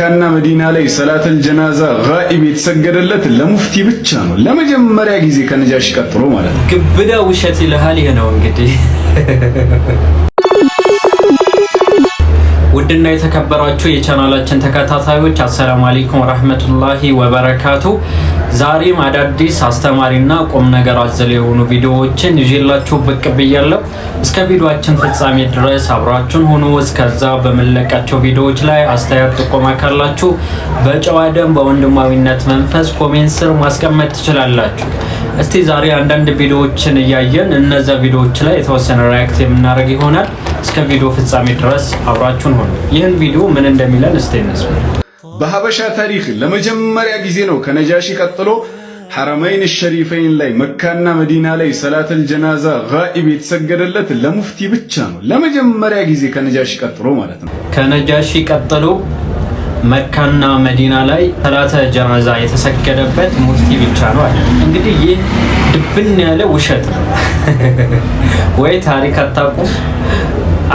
መካና መዲና ላይ ሰላተል ጀናዛ ጋኢብ የተሰገደለት ለሙፍቲ ብቻ ነው። ለመጀመሪያ ጊዜ ከነጃሽ ቀጥሎ ማለት ነው። ግብዳ ውሸት ይልሃል። ይሄ ነው እንግዲህ ውድና የተከበራችሁ የቻናላችን ተከታታዮች አሰላሙ አለይኩም ወራህመቱላሂ ወበረካቱ። ዛሬም አዳዲስ አስተማሪና ቁም ነገር አዘል የሆኑ ቪዲዮዎችን ይዤላችሁ ብቅ ብያለሁ። እስከ ቪዲዮአችን ፍጻሜ ድረስ አብራችሁን ሁኑ። እስከዛ በምንለቃቸው ቪዲዮዎች ላይ አስተያየት፣ ጥቆማ ካላችሁ በጨዋ ደም በወንድማዊነት መንፈስ ኮሜንት ስር ማስቀመጥ ትችላላችሁ። እስቲ ዛሬ አንዳንድ ቪዲዮዎችን እያየን እነዛ ቪዲዮዎች ላይ የተወሰነ ሪያክት የምናደርግ ይሆናል። እስከ ቪዲዮ ፍጻሜ ድረስ አብራችሁን ሆኑ። ይህን ቪዲዮ ምን እንደሚለን እስቲ እንስማ። በሀበሻ ታሪክ ለመጀመሪያ ጊዜ ነው ከነጃሺ ቀጥሎ ሐረመይን ሸሪፈይን ላይ መካና መዲና ላይ ሰላተል ጀናዛ ጋኢብ የተሰገደለት ለሙፍቲ ብቻ ነው። ለመጀመሪያ ጊዜ ከነጃሺ ቀጥሎ ማለት ነው። ከነጃሺ ቀጥሎ መካና መዲና ላይ ሰላተ ጀናዛ የተሰገደበት ሙፍቲ ብቻ ነው አለ። እንግዲህ ይህ ድብን ያለ ውሸት ነው ወይ ታሪክ አታውቁም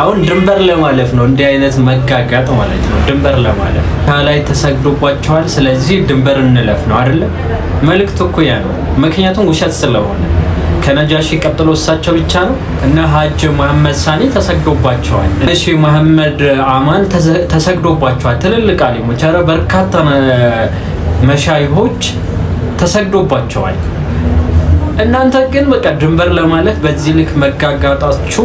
አሁን ድንበር ለማለፍ ነው እንዲህ አይነት መጋጋጥ ማለት ነው። ድንበር ለማለፍ ከላይ ተሰግዶባቸዋል። ስለዚህ ድንበር እንለፍ ነው አይደለም? መልእክት እኮ ያ ነው። ምክንያቱም ውሸት ስለሆነ ከነጃሺ ቀጥሎ እሳቸው ብቻ ነው እና ሀጅ መሐመድ ሳኔ ተሰግዶባቸዋል። እሺ መሐመድ አማን ተሰግዶባቸዋል። ትልልቅ አሊሞች፣ ኧረ በርካታ መሻይሆች ተሰግዶባቸዋል። እናንተ ግን በቃ ድንበር ለማለት በዚህ ልክ መጋጋጣችሁ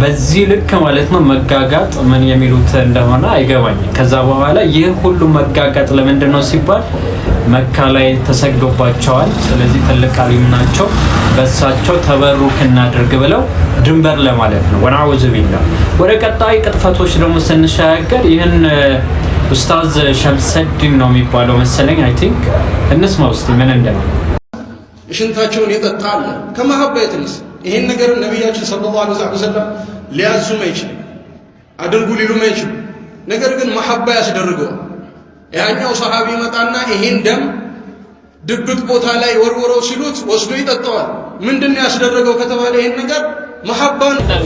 በዚህ ልክ ማለት ነው መጋጋጥ ምን የሚሉት እንደሆነ አይገባኝም። ከዛ በኋላ ይህ ሁሉ መጋጋጥ ለምንድን ነው ሲባል መካ ላይ ተሰግዶባቸዋል። ስለዚህ ትልቅ አሊም ናቸው፣ በሳቸው ተበሩክ እናድርግ ብለው ድንበር ለማለት ነው። ወናውዝ ቢላ ወደ ቀጣይ ቅጥፈቶች ደግሞ ስንሸጋገር ይህን ኡስታዝ ሸምሰዲን ነው የሚባለው መሰለኝ አይ ቲንክ እንስማ ውስጥ ምን እንደሚል ሽንታቸውን የጠጣ አለ። ከመሀባ የተነሳ ይሄን ነገር ነቢያችን ሰለላሁ ዐለይሂ ወሰለም ሊያዙም አይችልም፣ አድርጉ ሊሉም አይችሉ። ነገር ግን መሐባ ያስደርገዋል። ያኛው ሰሐቢ መጣና ይሄን ደም ድብቅ ቦታ ላይ ወርወረው ሲሉት ወስዶ ይጠጣዋል። ምንድነው ነው ያስደረገው ከተባለ ይሄን ነገር መሐባ ነው።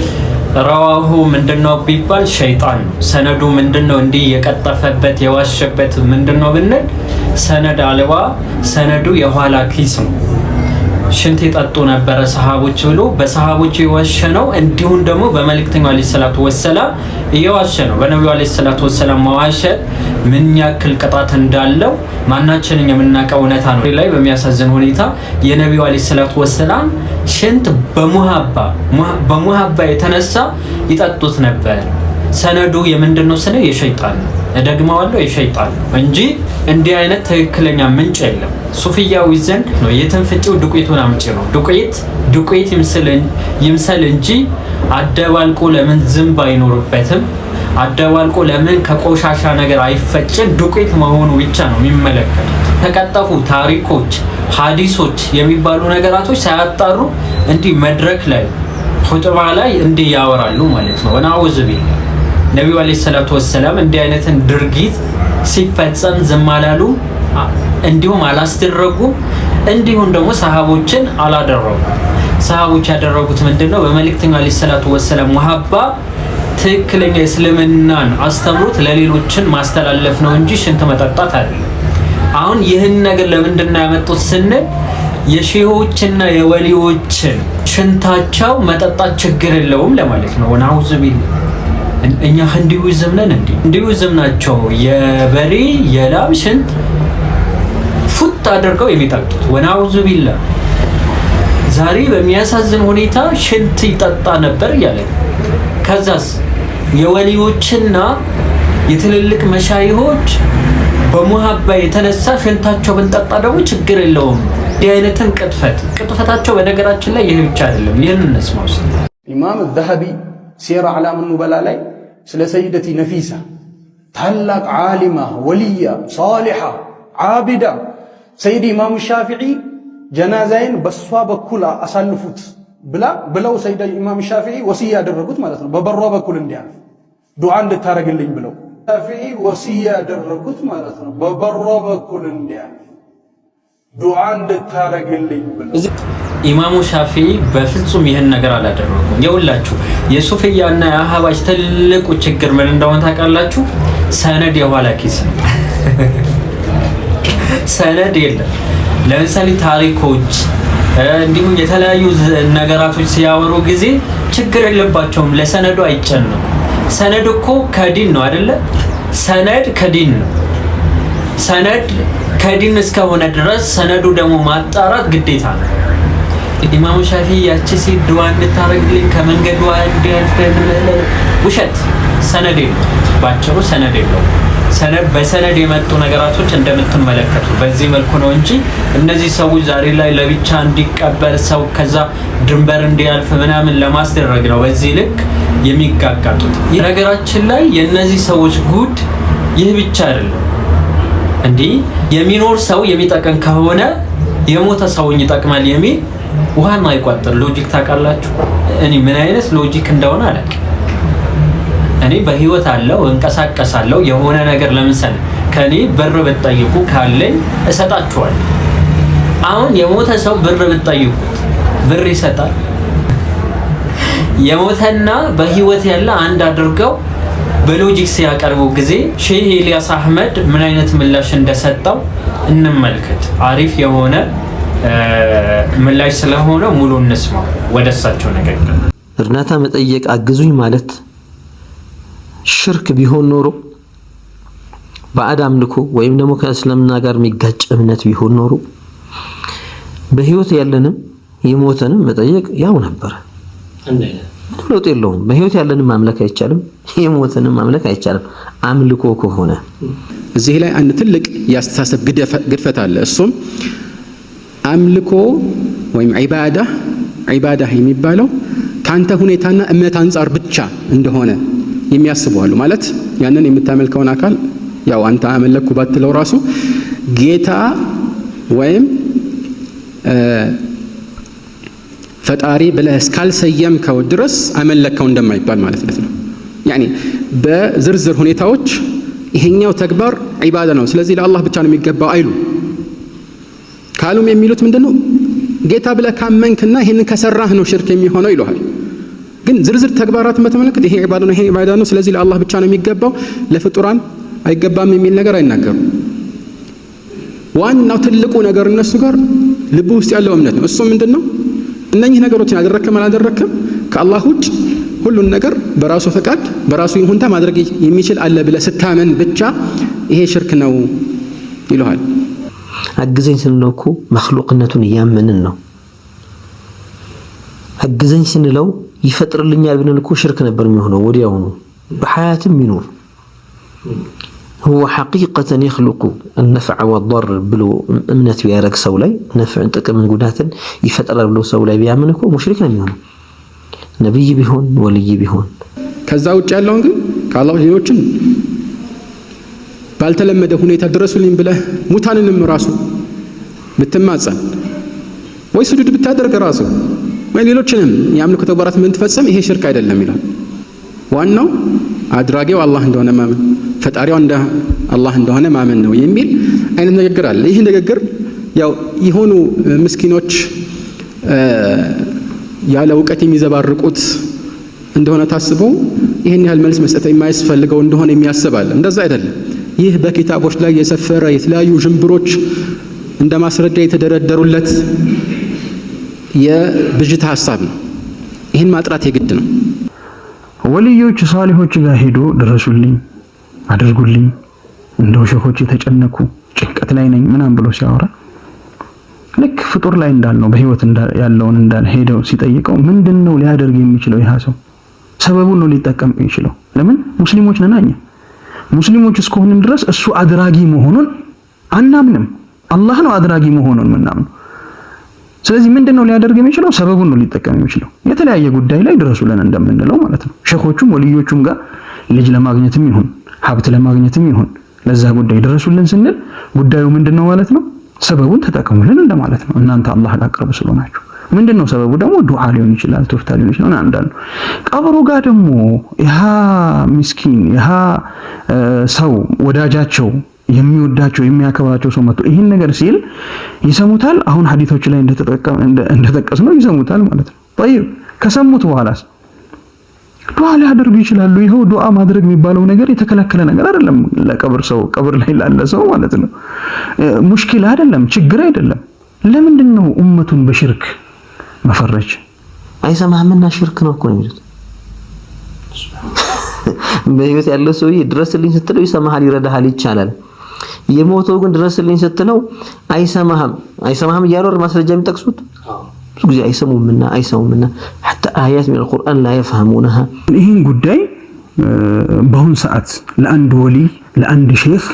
ረዋሁ ምንድነው ቢባል ሸይጣን ነው። ሰነዱ ምንድነው እንዲህ የቀጠፈበት የዋሸበት ምንድነው ብንል ሰነድ አልባ ሰነዱ የኋላ ኪስ ነው። ሽንት የጠጡ ነበረ ሰሃቦች ብሎ በሰሃቦች የዋሸ ነው። እንዲሁም ደግሞ በመልእክተኛው አለይሂ ሰላቱ ወሰላም እየዋሸ ነው። በነቢዩ አለይሂ ሰላቱ ወሰላም መዋሸት ምን ያክል ቅጣት እንዳለው ማናችንን የምናውቀው እውነታ ነው። ላይ በሚያሳዝን ሁኔታ የነቢዩ አለይሂ ሰላቱ ወሰላም ሽንት በሙሃባ በሙሃባ የተነሳ ይጠጡት ነበር። ሰነዱ የምንድን ነው ስለ የሸይጣን ነው። እደግመዋለሁ የሸይጣን ነው እንጂ እንዲህ አይነት ትክክለኛ ምንጭ የለም። ሱፍያዊ ዘንድ ነው የትንፍጪው ዱቄቱን አምጪ ነው። ዱቄት ዱቄት ይምሰል እንጂ አደባልቆ ለምን ዝንብ አይኖርበትም? አደባልቆ ለምን ከቆሻሻ ነገር አይፈጭን? ዱቄት መሆኑ ብቻ ነው የሚመለከቱት። ተቀጠፉ ታሪኮች፣ ሀዲሶች የሚባሉ ነገራቶች ሳያጣሩ እንዲህ መድረክ ላይ ሁጥባ ላይ እንዲህ ያወራሉ ማለት ነው። ወናውዝ ቢላ ነቢዩ አለይሂ ሰላቱ ወሰላም እንዲህ አይነትን ድርጊት ሲፈጸም ዝም አላሉ፣ እንዲሁም አላስደረጉ፣ እንዲሁም ደግሞ ሰሃቦችን አላደረጉ። ሰሃቦች ያደረጉት ምንድን ነው? በመልእክተኛው አለይሂ ሰላቱ ወሰላም መሀባ ትክክለኛ እስልምናን አስተምሮት ለሌሎችን ማስተላለፍ ነው እንጂ ሽንት መጠጣት አይደለም። አሁን ይህን ነገር ለምንድን ነው ያመጡት ስንል የሺዎችና የወሊዎችን ሽንታቸው መጠጣት ችግር የለውም ለማለት ነው። ናውዝ ቢላ እኛ ህንዱይዝም ነን እንዴ? ህንዱይዝም ናቸው የበሬ የላም ሽንት ፉት አድርገው የሚጠጡት ወናውዙ ቢላ። ዛሬ በሚያሳዝን ሁኔታ ሽንት ይጠጣ ነበር እያለ ከዛስ የወሊዎችና የትልልቅ መሻይሆች በሙሀባ የተነሳ ሽንታቸው ብንጠጣ ደግሞ ችግር የለውም። እንዲህ አይነትን ቅጥፈት ቅጥፈታቸው በነገራችን ላይ ይህ ብቻ አይደለም። ይህን እነስማውስ ኢማም ዘሀቢ ሲራ አላም ኑበላ ላይ ስለ ሰይደቲ ነፊሳ ታላቅ ዓሊማ፣ ወልያ፣ ሳሊሓ፣ ዓቢዳ ሰይድ ኢማሙ ሻፊዒ ጀናዛይን በሷ በኩል አሳልፉት ብላ ብለው ሰይድ ኢማም ሻፊዒ ወስያ ያደረጉት ማለት ነው። በበሯ በኩል እንዲያልፍ ዱዓ እንድታረግልኝ ብለው ሻፊዒ ወስያ ያደረጉት ማለት ነው። በበሯ በኩል እንዲያልፍ ዱዓ እንድታረግልኝ ኢማሙ ሻፊዒ በፍጹም ይህን ነገር አላደረጉም። የሁላችሁ እና የአህባሽ ትልቁ ችግር ምን እንደሆነ ታውቃላችሁ? ሰነድ የኋላ ኪስ ነው። ሰነድ የለም። ለምሳሌ ታሪኮች፣ እንዲሁም የተለያዩ ነገራቶች ሲያወሩ ጊዜ ችግር የለባቸውም። ለሰነዱ አይጨነቁም። ሰነድ እኮ ከዲን ነው አይደለ? ሰነድ ከዲን ነው። ሰነድ ከዲን እስከሆነ ድረስ ሰነዱ ደግሞ ማጣራት ግዴታ ነው። ኢማሙ ሻፊ ያቺ ሴት ድዋ እንድታረግልኝ ከመንገዷ ውሸት፣ ሰነድ የለው። ባጭሩ ሰነድ የለው። ሰነድ በሰነድ የመጡ ነገራቶች እንደምትመለከቱ በዚህ መልኩ ነው እንጂ እነዚህ ሰዎች ዛሬ ላይ ለብቻ እንዲቀበል ሰው ከዛ ድንበር እንዲያልፍ ምናምን ለማስደረግ ነው በዚህ ልክ የሚጋጋጡት። ነገራችን ላይ የእነዚህ ሰዎች ጉድ ይህ ብቻ አይደለም። እንዲህ የሚኖር ሰው የሚጠቅም ከሆነ የሞተ ሰውን ይጠቅማል የሚል ውሃን አይቋጥር ሎጂክ ታውቃላችሁ። እኔ ምን አይነት ሎጂክ እንደሆነ አላውቅም። እኔ በህይወት አለው እንቀሳቀሳለው የሆነ ነገር ለምሳሌ ከኔ ብር ብትጠይቁ ካለኝ እሰጣችኋለሁ። አሁን የሞተ ሰው ብር ብትጠይቁት ብር ይሰጣል። የሞተና በህይወት ያለ አንድ አድርገው በሎጂክ ሲያቀርቡ ጊዜ ሼህ ኤልያስ አህመድ ምን አይነት ምላሽ እንደሰጠው እንመልከት። አሪፍ የሆነ ምላሽ ስለሆነ ሙሉ እንስማ። ወደ እሳቸው ነገር እርዳታ መጠየቅ አግዙኝ ማለት ሽርክ ቢሆን ኖሮ በአዳም አምልኮ ወይም ደግሞ ከእስልምና ጋር የሚጋጭ እምነት ቢሆን ኖሮ በህይወት ያለንም የሞተንም መጠየቅ ያው ነበረ። ለውጥ የለውም። በህይወት ያለንም ማምለክ አይቻልም፣ የሞትንም ማምለክ አይቻልም። አምልኮ ከሆነ እዚህ ላይ አንድ ትልቅ የአስተሳሰብ ግድፈት አለ። እሱም አምልኮ ወይም ዒባዳ ዒባዳ የሚባለው ካንተ ሁኔታና እምነት አንጻር ብቻ እንደሆነ የሚያስቡዋሉ። ማለት ያንን የምታመልከውን አካል ያው አንተ አመለኩ ባትለው ራሱ ጌታ ወይም ፈጣሪ ብለህ እስካልሰየምከው ድረስ አመለከው እንደማይባል ማለት ነው። ያኒ በዝርዝር ሁኔታዎች ይሄኛው ተግባር ዒባዳ ነው፣ ስለዚህ ለአላህ ብቻ ነው የሚገባው አይሉ ካሉም የሚሉት ምንድን ነው? ጌታ ብለህ ካመንክና ይህንን ከሰራህ ነው ሽርክ የሚሆነው ይለሃል። ግን ዝርዝር ተግባራትን በተመለከተ ይሄ ዒባዳ ነው፣ ይሄ ዒባዳ ነው፣ ስለዚህ ለአላህ ብቻ ነው የሚገባው ለፍጡራን አይገባም የሚል ነገር አይናገሩም። ዋናው ትልቁ ነገር እነሱ ጋር ልብ ውስጥ ያለው እምነት ነው። እሱ ምንድን ነው? እነኚህ ነገሮችን አደረክም አላደረክም ከአላህ ውጭ ሁሉን ነገር በራሱ ፈቃድ በራሱ ይሁንታ ማድረግ የሚችል አለ ብለ ስታመን ብቻ ይሄ ሽርክ ነው ይለዋል። አግዘኝ ስንለው እኮ መክሉቅነቱን እያመንን ነው። አግዘኝ ስንለው ይፈጥርልኛል ብንል እኮ ሽርክ ነበር የሚሆነው ወዲያውኑ። በሀያትም ይኑር ሁወ ሐቂቀተን የኽልቁ ነፍዐ ወዶር ብሎ እምነት ቢያደርግ ሰው ላይ ነፍዕን ጥቅምን ጉዳትን ይፈጥራል ብሎ ሰው ላይ ቢያምን እኮ ሙሽሪክ ነው የሚሆነው፣ ነቢይ ቢሆን ወልይ ቢሆን። ከዛ ውጭ ያለውን ግን ከአላህ ሌሎችን ባልተለመደ ሁኔታ ድረሱልኝ ብለህ ሙታንንም ራሱ ብትማጸን ወይ ስጁድ ብታደርግ ራሱ ወይ ሌሎችንም የአምልኮ ተግባራት ምን ትፈጽም፣ ይሄ ሽርክ አይደለም ይላል። ዋናው አድራጌው አላህ እንደሆነ ማመን ፈጣሪዋ እንደ አላህ እንደሆነ ማመን ነው የሚል አይነት ንግግር አለ። ይህ ንግግር ያው የሆኑ ምስኪኖች ያለ እውቀት የሚዘባርቁት እንደሆነ ታስቦ ይህን ያህል መልስ መስጠት የማያስፈልገው እንደሆነ የሚያስባል። እንደዛ አይደለም። ይህ በኪታቦች ላይ የሰፈረ የተለያዩ ዥንብሮች እንደ ማስረጃ የተደረደሩለት የብዥታ ሀሳብ ነው። ይህን ማጥራት የግድ ነው። ወልዮች ሳሊሆች ጋር ሄዶ ድረሱልኝ አድርጉልኝ እንደው ሸሆች የተጨነኩ ጭንቀት ላይ ነኝ ምናምን ብሎ ሲያወራ ልክ ፍጡር ላይ እንዳልነው በህይወት ያለውን እንዳል ሄደው ሲጠይቀው ምንድን ነው ሊያደርግ የሚችለው ይህ ሰው ሰበቡን ነው ሊጠቀም የሚችለው ለምን ሙስሊሞች ነናኛ ሙስሊሞች እስከሆንን ድረስ እሱ አድራጊ መሆኑን አናምንም አላህ ነው አድራጊ መሆኑን ምናምን ስለዚህ ምንድን ነው ሊያደርግ የሚችለው ሰበቡን ነው ሊጠቀም የሚችለው የተለያየ ጉዳይ ላይ ድረሱልን እንደምንለው ማለት ነው ሸኾቹም ወልዮቹም ጋር ልጅ ለማግኘትም ይሁን ሀብት ለማግኘትም ይሁን ለዛ ጉዳይ ድረሱልን ስንል ጉዳዩ ምንድን ነው ማለት ነው። ሰበቡን ተጠቅሙልን እንደማለት ነው። እናንተ አላህ አቅርብ ስለሆናችሁ ምንድን ነው ሰበቡ? ደግሞ ዱዓ ሊሆን ይችላል፣ ቶፍታ ሊሆን ይችላል። አንዳንዱ ቀብሩ ጋር ደግሞ ያ ምስኪን ያ ሰው ወዳጃቸው የሚወዳቸው የሚያከብራቸው ሰው መጥቶ ይህን ነገር ሲል ይሰሙታል። አሁን ሀዲቶች ላይ እንደተጠቀስ ነው ይሰሙታል ማለት ነው። ጠይብ ከሰሙት በኋላስ ዱዓ ሊያደርጉ ይችላሉ። ይኸው ዱዓ ማድረግ የሚባለው ነገር የተከለከለ ነገር አይደለም። ለቀብር ሰው ቀብር ላይ ላለ ሰው ማለት ነው። ሙሽኪል አይደለም፣ ችግር አይደለም። ለምንድን ነው ኡመቱን በሽርክ መፈረጅ? አይሰማህምና ሽርክ ነው እኮ ነው የሚሉት። በህይወት ያለው ሰውዬ ድረስልኝ ስትለው ይሰማሃል፣ ይረዳሃል፣ ይቻላል። የሞተው ግን ድረስልኝ ስትለው አይሰማህም፣ አይሰማህም እያሉ ማስረጃ የሚጠቅሱት ብዙ ጊዜ አይሰሙምና አይሰሙምና ሐታ አያት ሚን አልቁርአን ላ የፍሀሙነሃ። ይህን ጉዳይ በአሁን ሰዓት ለአንድ ወሊ ለአንድ ሼክ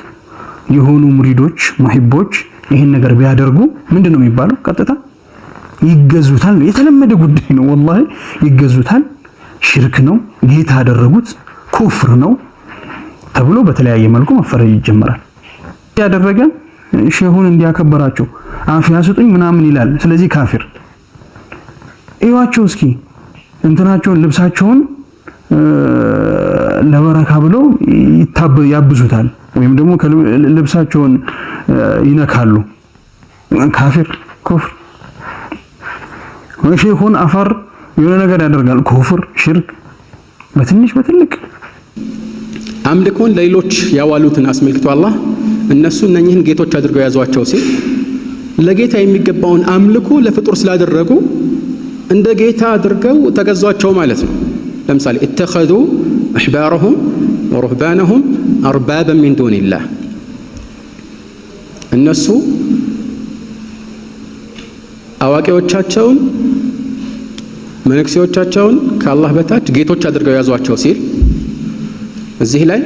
የሆኑ ሙሪዶች ሙሂቦች ይህን ነገር ቢያደርጉ ምንድን ነው የሚባለው? ቀጥታ ይገዙታል። የተለመደ ጉዳይ ነው፣ ወላሂ ይገዙታል። ሽርክ ነው፣ ጌታ ያደረጉት ኩፍር ነው ተብሎ በተለያየ መልኩ መፈረጅ ይጀመራል። ያደረገ ሼሁን እንዲያከበራቸው አፍያ ስጡኝ ምናምን ይላል። ስለዚህ ካፊር እዩዋቸው እስኪ እንትናቸውን ልብሳቸውን ለበረካ ብለው ያብዙታል፣ ወይም ደግሞ ልብሳቸውን ይነካሉ። ካፊር ኩፍር፣ ሼኹን አፈር የሆነ ነገር ያደርጋል። ኩፍር ሽርክ፣ በትንሽ በትልቅ አምልኮን ለሌሎች ያዋሉትን አስመልክቶ አላህ እነሱ እነኚህን ጌቶች አድርገው ያዟቸው ሲል ለጌታ የሚገባውን አምልኮ ለፍጡር ስላደረጉ እንደ ጌታ አድርገው ተገዟቸው ማለት ነው። ለምሳሌ እተኸዙ አሕባረሁም ወሩህባነሁም አርባበ ሚን ዱንላህ እነሱ አዋቂዎቻቸውን መነኩሴዎቻቸውን ከአላህ በታች ጌቶች አድርገው ያዟቸው ሲል እዚህ ላይ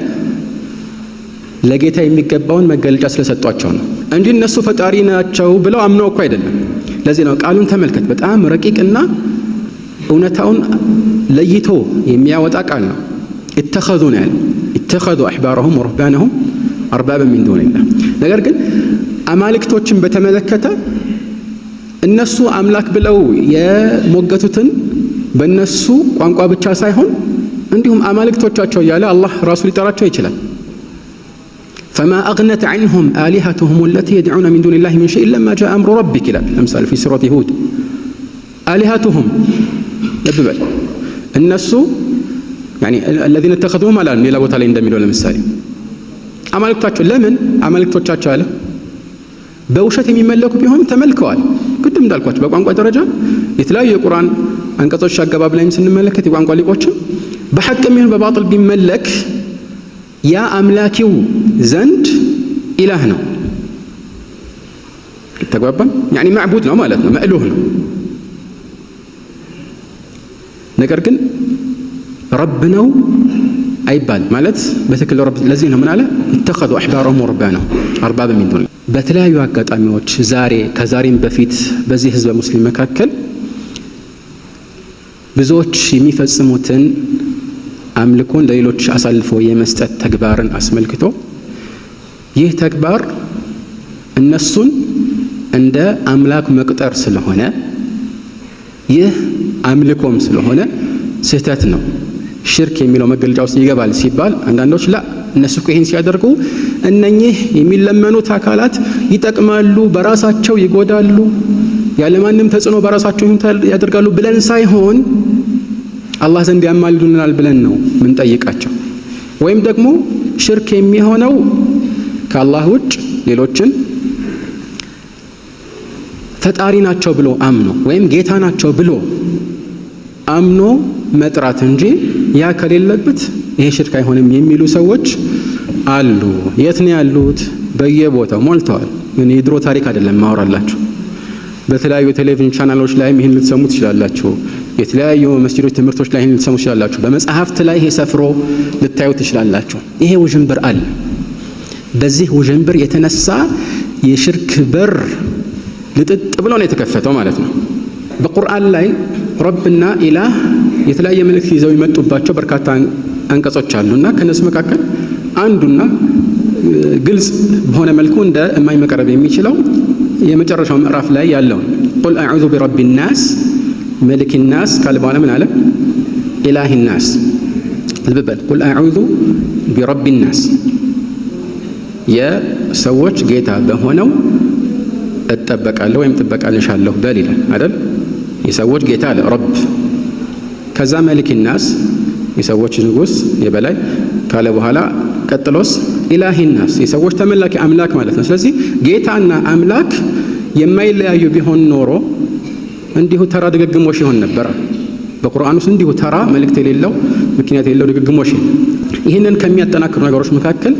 ለጌታ የሚገባውን መገለጫ ስለሰጧቸው ነው እንጂ እነሱ ፈጣሪ ናቸው ብለው አምነው እኮ አይደለም። ለዚህ ነው ቃሉን ተመልከት። በጣም ረቂቅና እውነታውን ለይቶ የሚያወጣ ቃል ነው። እተኸዙ ነው ያለው። እተኸዙ አሕባረሁም ወሩህባነሁም አርባበ ሚን ዱኒላህ። ነገር ግን አማልክቶችን በተመለከተ እነሱ አምላክ ብለው የሞገቱትን በእነሱ ቋንቋ ብቻ ሳይሆን እንዲሁም አማልክቶቻቸው እያለ አላህ ራሱ ሊጠራቸው ይችላል። فما أغنت عنهم آلهتهم التي يدعون من دون الله من شيء لما جاء أمر ربك لا الأمثال في سورة هود آلهتهم الناس يعني الذين اتخذوا ملا إلى وتعالى عند ملول المسائل أمالك تاتشو لمن أمالك تاتشو على بوشت من ملك بهم تملكوا قدم دالك واتشو بقوان قوى درجة يتلاقي القرآن أنك تشاق باب لا يمسن الملكة بقوان قوى لقوة بحق منهم بباطل بملك ያ አምላኪው ዘንድ ኢላህ ነው። ተግባባን? ያኒ ማዕቡድ ነው ማለት ነው፣ መእሉህ ነው። ነገር ግን ረብ ነው አይባል ማለት በትክክል ረብ። ለዚህ ነው ምን አለ ይተኸዙ አሕባረሁም ወሩህባነሁም አርባበ ሚን ዱኒላህ። በተለያዩ አጋጣሚዎች ዛሬ ከዛሬም በፊት በዚህ ህዝበ ሙስሊም መካከል ብዙዎች የሚፈጽሙትን አምልኮን ለሌሎች አሳልፎ የመስጠት ተግባርን አስመልክቶ ይህ ተግባር እነሱን እንደ አምላክ መቁጠር ስለሆነ ይህ አምልኮም ስለሆነ ስህተት ነው፣ ሽርክ የሚለው መገለጫ ውስጥ ይገባል ሲባል አንዳንዶች ላ እነሱ ይህን ሲያደርጉ እነኚህ የሚለመኑት አካላት ይጠቅማሉ፣ በራሳቸው ይጎዳሉ፣ ያለማንም ተጽዕኖ በራሳቸው ያደርጋሉ ብለን ሳይሆን አላህ ዘንድ ያማልዱልናል ብለን ነው ምንጠይቃቸው። ወይም ደግሞ ሽርክ የሚሆነው ከአላህ ውጭ ሌሎችን ፈጣሪ ናቸው ብሎ አምኖ ወይም ጌታ ናቸው ብሎ አምኖ መጥራት እንጂ ያ ከሌለበት ይሄ ሽርክ አይሆንም የሚሉ ሰዎች አሉ። የት ነው ያሉት? በየቦታው ሞልተዋል። እኔ የድሮ ታሪክ አይደለም ማወራላችሁ። በተለያዩ ቴሌቪዥን ቻናሎች ላይም ይህን ልትሰሙ ትችላላችሁ። የተለያዩ መስጂዶች ትምህርቶች ላይ ልትሰሙ ትችላላችሁ። በመጽሐፍት ላይ ይሄ ሰፍሮ ልታዩ ትችላላችሁ። ይሄ ውዥንብር አለ። በዚህ ውዥንብር የተነሳ የሽርክ በር ልጥጥ ብሎ ነው የተከፈተው ማለት ነው። በቁርአን ላይ ረብና ኢላህ የተለያየ መልእክት ይዘው የመጡባቸው በርካታ አንቀጾች አሉና ከነሱ መካከል አንዱና ግልጽ በሆነ መልኩ እንደ እማኝ መቀረብ የሚችለው የመጨረሻው ምዕራፍ ላይ ያለው ቁል አዑዙ ቢረቢ ናስ መሊክ ናስ ካለ በኋላ ምን አለ? ኢላህ ናስ ልብበል ቁል አዑዙ ቢረቢ ናስ የሰዎች ጌታ በሆነው እጠበቃለሁ ወይም ጥበቃልሻለሁ በል ይላል አይደል? የሰዎች ጌታ አለ ረብ። ከዛ መሊክ ናስ የሰዎች ንጉስ የበላይ ካለ በኋላ ቀጥሎስ ኢላሂ ናስ የሰዎች ተመላኪ አምላክ ማለት ነው። ስለዚህ ጌታና አምላክ የማይለያዩ ቢሆን ኖሮ እንዲሁ ተራ ድግግሞሽ ይሆን ነበር። በቁርአን ውስጥ እንዲሁ ተራ መልእክት የሌለው ምክንያት የሌለው ድግግሞሽ። ይህንን ከሚያጠናክሩ ነገሮች መካከል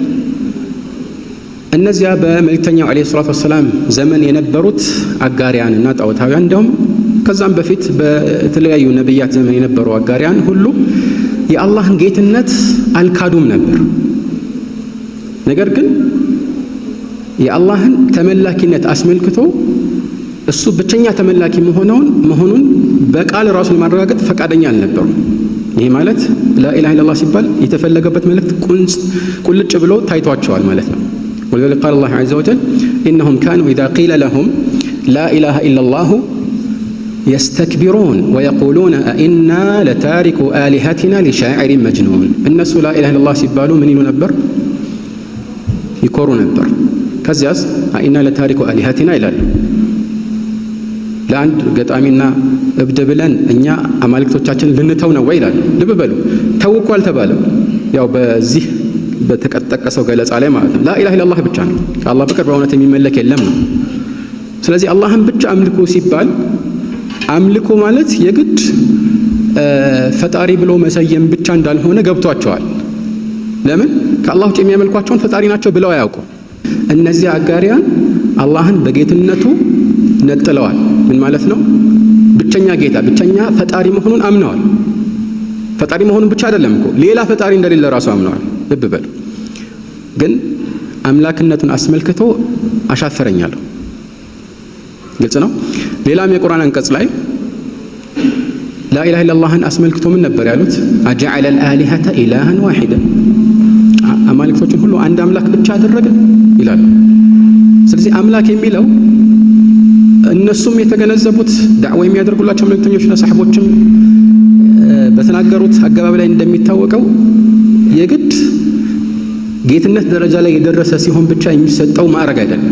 እነዚያ በመልእክተኛው ዓለይሂ ሰላቱ ወሰላም ዘመን የነበሩት አጋሪያንና ጣዖታውያን እንዲሁም ከዛም በፊት በተለያዩ ነቢያት ዘመን የነበሩ አጋሪያን ሁሉ የአላህን ጌትነት አልካዱም ነበር። ነገር ግን የአላህን ተመላኪነት አስመልክቶ እሱ ብቸኛ ተመላኪ መሆነውን መሆኑን በቃል ራሱን ለማረጋገጥ ፈቃደኛ አልነበሩም። ይህ ማለት ላኢላሃ ኢለላህ ሲባል የተፈለገበት መልእክት ቁልጭ ብሎ ታይቷቸዋል ማለት ነው። ወለذلك قال الله عز وجل إنهم كانوا إذا قيل لهم لا إله إلا الله يستكبرون ويقولون أئنا لتاركو آلهتنا እነሱ ላኢላሃ ኢለላህ ሲባሉ ምን ይሉ ነበር? ይኮሩ ነበር። ከዚያስ አኢና ለታሪኩ አሊሃቲና ይላሉ። ለአንድ ገጣሚና እብድ ብለን እኛ አማልክቶቻችን ልንተው ነው ወይ ይላል። ልብ በሉ ተው እኮ አልተባለም። ያው በዚህ በተቀጠቀሰው ገለጻ ላይ ማለት ነው። ላኢላህ ኢላላህ ብቻ ነው ከአላህ በቀር በእውነት የሚመለክ የለም ነው። ስለዚህ አላህን ብቻ አምልኩ ሲባል አምልኮ ማለት የግድ ፈጣሪ ብሎ መሰየም ብቻ እንዳልሆነ ገብቷቸዋል። ለምን ከአላህ ውጭ የሚያመልኳቸውን ፈጣሪ ናቸው ብለው አያውቁ። እነዚህ አጋሪያን አላህን በጌትነቱ ነጥለዋል። ምን ማለት ነው? ብቸኛ ጌታ ብቸኛ ፈጣሪ መሆኑን አምነዋል። ፈጣሪ መሆኑን ብቻ አይደለም እኮ ሌላ ፈጣሪ እንደሌለ ራሱ አምነዋል። ልብ በሉ። ግን አምላክነቱን አስመልክቶ አሻፈረኛለሁ። ግልጽ ነው። ሌላም የቁርአን አንቀጽ ላይ ላኢላሃ ኢለላህን አስመልክቶ ምን ነበር ያሉት? አጀዐለ አሊሀተ ኢላሃን ዋሂደን አማልክቶችን ሁሉ አንድ አምላክ ብቻ አደረገ ይላሉ። ስለዚህ አምላክ የሚለው እነሱም የተገነዘቡት ዳዕዋ የሚያደርጉላቸው መልእክተኞችና ሰሓቦችም በተናገሩት አገባብ ላይ እንደሚታወቀው የግድ ጌትነት ደረጃ ላይ የደረሰ ሲሆን ብቻ የሚሰጠው ማዕረግ አይደለም።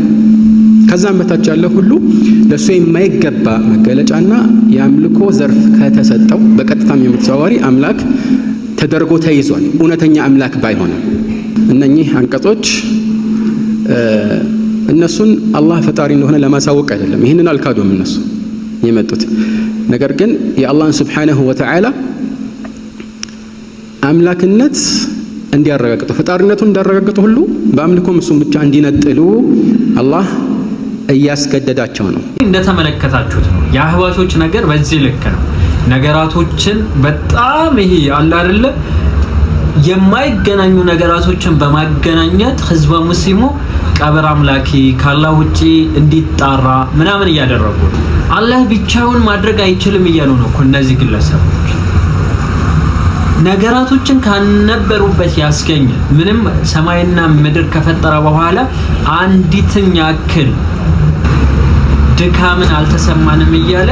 ከዛም በታች ያለ ሁሉ ለእሱ የማይገባ መገለጫና የአምልኮ ዘርፍ ከተሰጠው በቀጥታም የምተዘዋዋሪ አምላክ ተደርጎ ተይዟል። እውነተኛ አምላክ ባይሆንም እነኚህ አንቀጾች እነሱን አላህ ፈጣሪ እንደሆነ ለማሳወቅ አይደለም። ይህንን አልካዱም እነሱ የመጡት ነገር ግን የአላህን ስብሓነሁ ወተዓላ አምላክነት እንዲያረጋግጡ ፈጣሪነቱን እንዳረጋግጡ ሁሉ በአምልኮም እሱም ብቻ እንዲነጥሉ አላህ እያስገደዳቸው ነው። እንደተመለከታችሁት ነው የአህባሾች ነገር በዚህ ልክ ነው። ነገራቶችን በጣም ይሄ አለ አይደለም የማይገናኙ ነገራቶችን በማገናኘት ህዝበ ሙስሊሙ ቀብር አምላኪ ካላ ውጪ እንዲጣራ ምናምን እያደረጉ ነው። አላህ ብቻውን ማድረግ አይችልም እያሉ ነው እኮ እነዚህ ግለሰቦች። ነገራቶችን ካነበሩበት ያስገኝ ምንም ሰማይና ምድር ከፈጠረ በኋላ አንዲትን ያክል ድካምን አልተሰማንም እያለ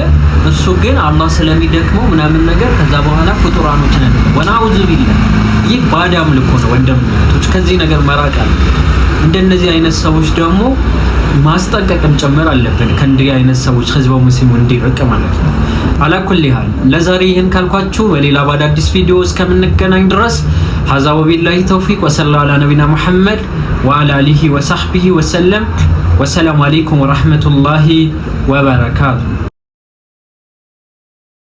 እሱ ግን አላህ ስለሚደክመው ምናምን ነገር ከዛ በኋላ ፍጡራኖችን ወናውዝ ቢላ ይህ ባዳም ልኮ ነው። ወንድሞች ከዚህ ነገር መራቅ አለ እንደነዚህ አይነት ሰዎች ደግሞ ማስጠንቀቅም ጭምር አለብን። ከእንዲህ አይነት ሰዎች ህዝበ ሙስሊሙ እንዲርቅ ማለት ነው። አላኩል ያህል ለዛሬ ይህን ካልኳችሁ በሌላ በአዳዲስ ቪዲዮ እስከምንገናኝ ድረስ ሀዛ ወቢላሂ ተውፊቅ ወሰላ አላ ነቢና ሙሐመድ ወአላ አሊሂ ወሳህቢሂ ወሰለም ወሰላሙ አሌይኩም ወረህመቱላሂ ወበረካቱ።